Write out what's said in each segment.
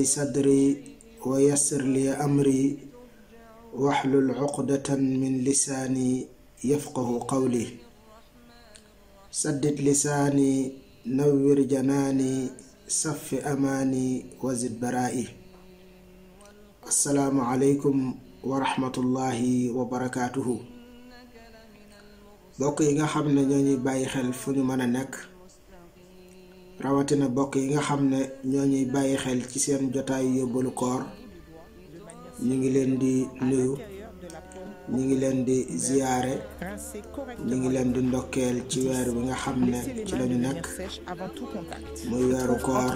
لي صدري ويسر لي أمري واحلل عقدة من لساني يفقه قولي سدد لساني نور جناني صف أماني وزد برائي السلام عليكم ورحمة الله وبركاته بوكي yi nga xam ne ñoo ñuy bàyyi xel fu rawatina bokk yi nga xam ne ñoo ñuy bàyyi xel ci seen jotaay yóbbalu koor ñu ngi leen di nuyu ñu ngi leen di ziyaare ñu ngi leen di ndokkeel ci weer bi nga xam ne ci lañu nekk muy weeru koor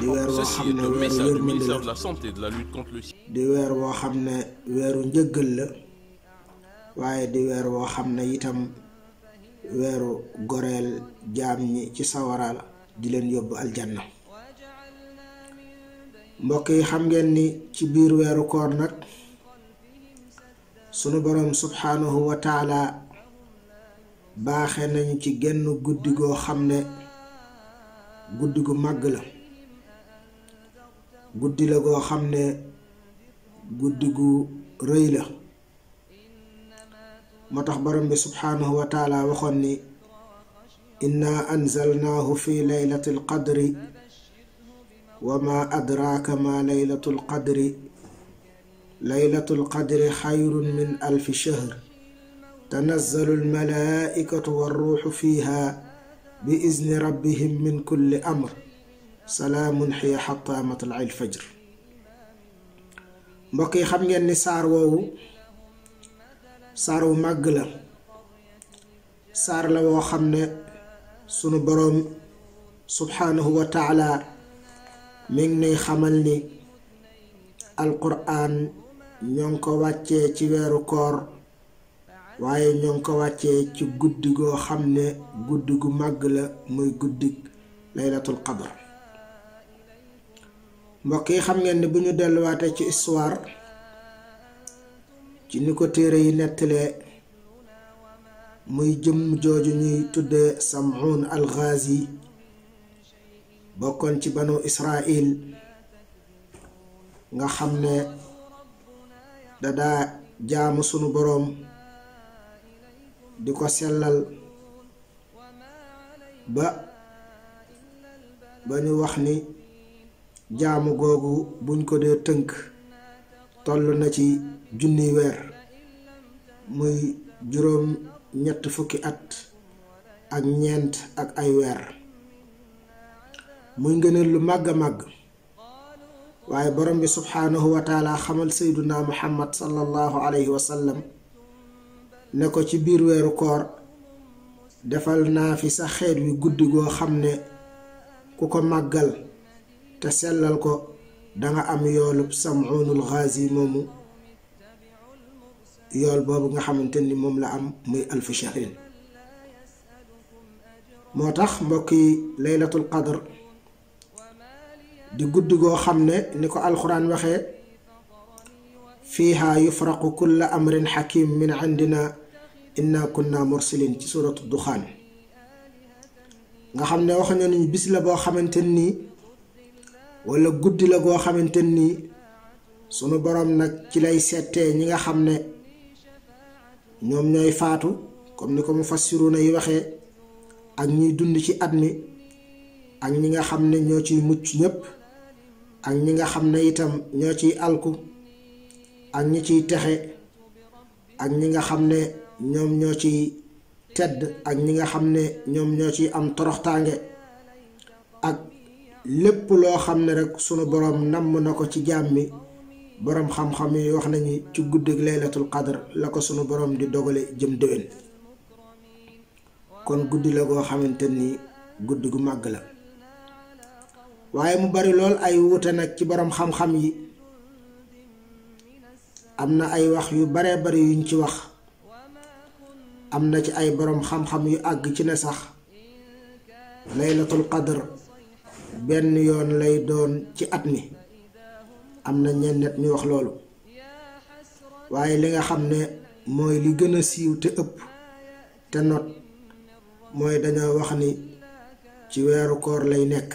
di weer woo xam ne weeru yërmande di weer woo xam ne weeru njëggal la waaye di weer woo xam ne itam weeru goreel jaam ñi ci sawara la di leen yóbbu aljanna mbokk yi xam ngeen ni ci biir weeru koor nag sunu borom subhanahu wa taala baaxee nañu ci genn guddi goo xam ne guddi gu màgg la guddi la goo xam ne guddi gu rëy la motax borom bi subhanahu wa taala waxon ni inna anzalnahu fi laylatil alqadri wa ma adraaka ma laylatul alqadri laylatul alqadri khayrun min alf shahr tanazzalu almalaa'ikatu warruuxu fiiha bi izni rabbihim min kulli amr salaamun xiya xataa matla'il fajr mbokk yi xam ngeen ni saar woowu saar wu màgg la saar la woo xam ne sunu boroom subhanahu wa taala mi ngi nay xamal ni alquran ñoo ngi ko wàccee ci weeru koor waaye ñoo ngi ko wàccee ci guddi goo xam ne guddi gu màgg la muy guddig laylatul qadr mbokk yi xam ngeen ne bu ñu delluwaatee ci histoire ci niko téere yi nettalee muy jëm jooju ñuy tuddee samhun al ghazi bokkoon ci banu israil nga xam ne dadaa jaamu sunu boroom di ko sellal ba ba ñu wax ni jaamu googu buñ ko dee tënk toll na ci junniy weer muy juróom ñett fukki at ak ñeent ak ay weer muy ngëneel lu màgga màgg waaye borom bi subxaanahu wa taala xamal sayduna muhammad sallallahu alayhi wa ne ko ci biir weeru koor defal naa fi sa xeet wi guddi goo xam ne ku ko màggal te sellal ko danga am yoolub sam'unul xaazi moomu yool boobu nga xamante ni moom la am muy alfu shahrin moo tax mbokk yi laylatul qadr di guddi goo xam ne ni ko alxuraan waxee fiiha yufraqu kulla amrin xakim min indina inna kunna mursilin ci suuratu duxaan nga xam ne wax nañu bis la boo xamante nii wala guddi la goo xamante nii sunu boroom nag ci lay settee ñi nga xam ne ñoom ñooy faatu comme ni ko mu fas mufassiruna yi waxee ak ñiy dund ci at mi ak ñi nga xam ne ñoo ciy mucc ñépp ak ñi nga xam ne itam ñoo ciy alku ak ñi ciy texe ak ñi nga xam ne ñoom ñoo ciy tedd ak ñi nga xam ne ñoom ñoo ciy am toroxtaange ak lépp loo xam ne rek sunu boroom namm na ko ci jaam mi boroom xam-xam yi wax nañu ci guddi laylatul qadr la ko sunu boroom di dogale jëm déwén kon guddi la goo xamante ni guddi gu màgg la waaye mu bari lool ay wuute nag ci boroom xam-xam yi am na ay wax yu bare bari yuñ ci wax am na ci ay boroom xam-xam yu àgg ci ne sax laylatul qadr benn yoon lay doon ci at mi am na ñenn ñu wax loolu waaye li nga xam ne mooy li gën a siiw te ëpp te not mooy dañoo wax ni ci weeru koor lay nekk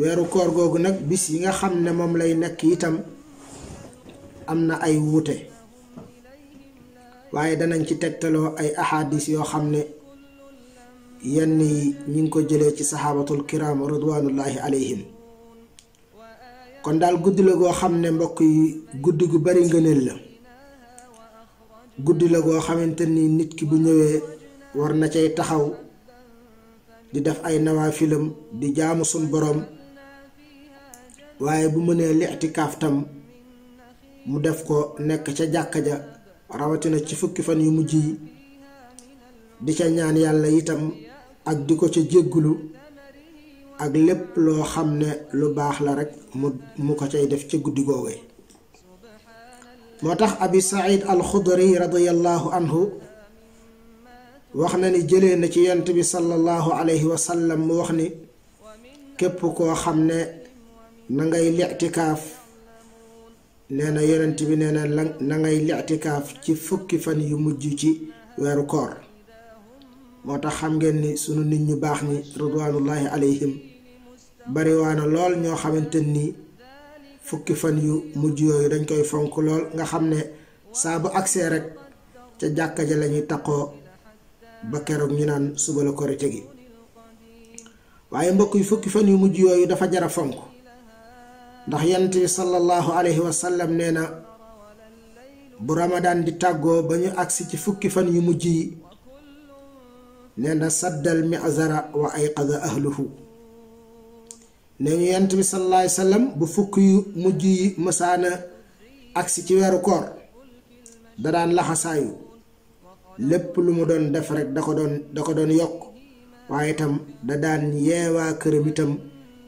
weeru koor googu nag bis yi nga xam ne moom lay nekk itam am na ay wuute waaye danañ ci tegtaloo ay ahadis yoo xam ne yenn yi ñu ngi ko jëlee ci saxaabatul kiraam ridwanullahi alayhim kon daal guddi la goo xam ne mbokk yi guddi gu bari ngëneel la guddi la goo xamante ni nit ki bu ñëwee war na cay taxaw di def ay nawaafilam di jaamu sun borom waaye bu mënee lixti kaaftam mu def ko nekk ca jàkka ja rawatina ci fukki fan yu mujj yi di ca ñaan yàlla itam ak di ko ca jéggulu ak lépp loo xam ne lu baax la rekk mu mu ko cay def ci guddi googu moo tax abi said alxudri radiallahu anhu wax na ni jëlee na ci yent bi sallallahu alayhi wa sallam mu wax ni képp koo xam ne nangay ngay nee na yonent bi nee na nangay ngay ci fukki fan yu mujj ci weeru koor moo tax xam ngeen ni sunu nit ñu baax ni ridwanullahi alayhim bariwaana lool ñoo xamante ni fukki fan yu mujj yooyu dañ koy fonk lool nga xam ne saa bu agsee rek ca jàkka ji lañuy ñuy ba keroog ñu naan suba la korite gi waaye mbokk yi fukki fan yu mujj yooyu dafa jara fonk ndax yonent bi sallallahu alayhi wa nee na bu ramadaan di tàggoo ba ñu agsi ci fukki fan yu mujj yi nee na saddal mi'zara wa ayqada ahluhu ne ñu yent bi sallallahu alayhi bu fukk yu mujj yi mësaana agsi ci weeru koor da daan laxasaayu lépp lu mu doon def rek da ko doon yokk waaye itam da daan yeewaa këram itam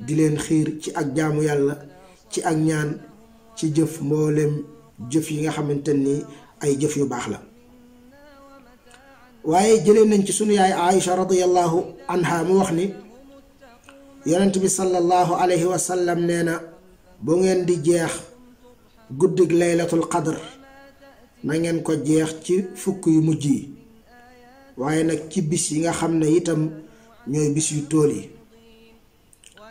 di leen xiir ci ak jaamu yàlla ci ak ñaan ci jëf mboolem jëf yi nga xamante ni ay jëf yu baax la waaye jëlee nañ ci sunu yaay Aïcha radiyallahu anha mu wax ni yonent bi sallallahu alayhi wa sallam nee na bu ngeen di jeex guddig laylatul qadr na ngeen ko jeex ci fukk yu mujj yi waaye nag ci bis yi nga xam ne itam ñooy bis yu tool yi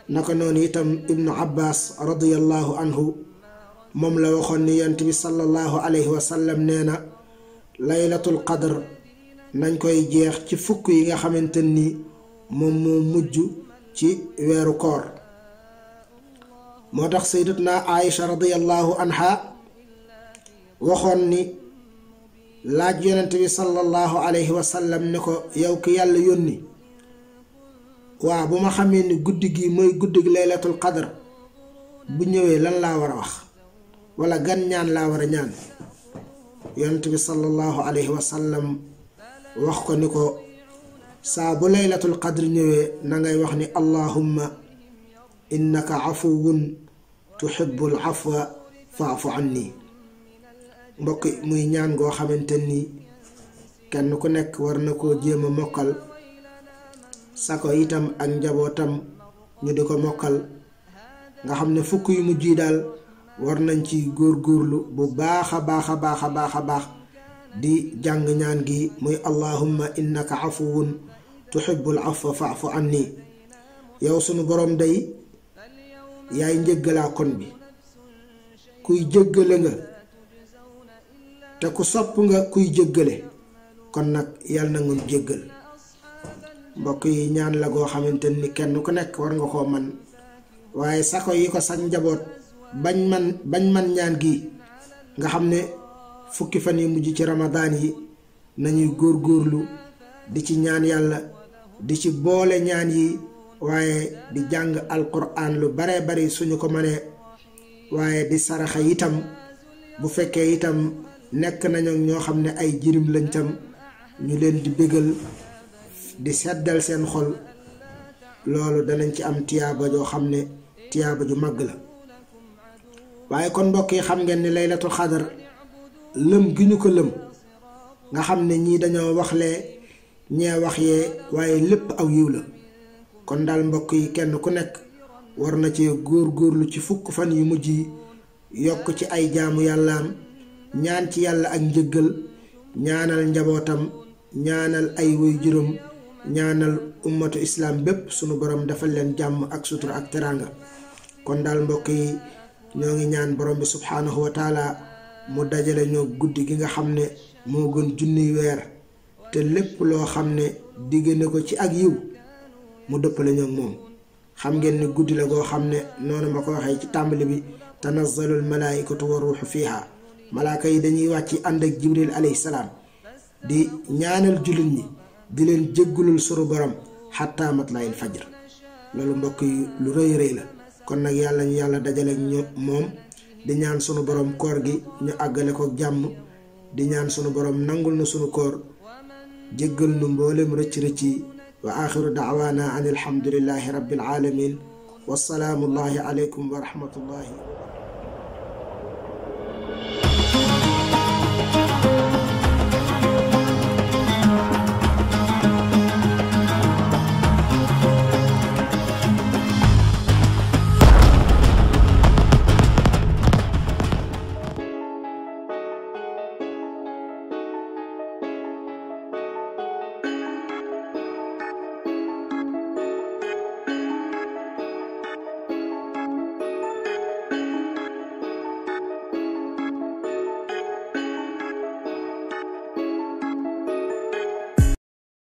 naka noonu itam ibnu abbas radiyallahu anhu moom la waxoon ni yonent bi sallallahu alayhi wa sallam nee na laylatul qadr nañ koy jeex ci fukk yi nga xamante ni moom moo mujj ci wéru koor moo tax sayyidatna aïcha radiyallahu anha waxoon ni laaj yonent bi sallallahu alayhi wa sallam ne ko yow ki yàlla yónni waa bu ma xamee ni guddi gi mooy guddi gi laylatul qadr bu ñëwee lan laa war a wax wala gan ñaan laa war a ñaan yonent bi sallallahu alayhi wa sallam wax ko ni ko saa bo laylatul qadre ñëwee nangay wax ni allahumma innaka cafuwun tuhibu lcafwa faafu anni mbokk muy ñaan goo xamante ni kenn ku nekk war na koo jéem a mokkal sako itam ak njabootam ñu di ko mokkal nga xam ne fukk yu mujj yi daal war nañ ci góorgóorlu bu baax a baax a baax a baax a baax di jàng ñaan gi muy allahumma innaka cafuwun tuhibbul afwa fa'fu anni yow sunu borom day yaay njëggalaa bi kuy jëggale nga te ku sopp nga kuy jëggale kon nag yal na ngeen jëggal mbokk yi ñaan la goo xamante ni kenn ku nekk war nga koo man waaye sako yi ko sax njaboot bañ man bañ man ñaan gi nga xam ne fukki fan yi mujj ci ramadaan yi nañuy góor góorlu di ci ñaan yàlla di ci boole ñaan yi waaye di jàng alquran lu baree bari suñu ko mënee waaye di saraxa itam bu fekkee itam nekk nañu ñoo xam ne ay jirim lañ tam ñu leen di bégal di seddal seen xol loolu danañ ci am tiyaaba joo xam ne tiyaaba ju màgg la waaye kon mbokk yi xam ngeen lay laylatul xadar lëm gi ñu ko lëm nga xam ne ñii dañoo waxlee ñee wax yee waaye lépp aw yiw la kon daal mbokk yi kenn ku nekk war na ci góor góorlu ci fukk fan yu mujj yi yokk ci ay jaamu yàllaam ñaan ci yàlla ak njëgal ñaanal njabootam ñaanal ay woy juróom ñaanal ummatu islaam bépp sunu borom dafa leen jàmm ak sutura ak teraanga kon daal mbokk yi ñoo ngi ñaan borom bi subhaanahu wa mu dajale ñoo guddi gi nga xam ne moo gën junniy weer te lépp loo xam ne digg ko ci ak yiw mu dëppale ñoom moom xam ngeen ne guddi la goo xam ne noonu ma ko waxee ci tàmbali bi tanazzalul malaaikatu wa ruuxu fiiha malaaka yi dañuy wàcc ànd ak jibril alayhi salaam di ñaanal jullit yi di leen jéggulul suru borom xatta matlaayil fajr loolu mbokk yi lu rëy rëy la kon nag yàlla ñu yàlla dajale ñu moom di ñaan sunu borom koor gi ñu àggale ko jàmm di ñaan sunu borom nangul na sunu koor جعل نمبول مرتشرتي وآخر دعوانا أن الحمد لله رب العالمين والسلام الله عليكم ورحمة الله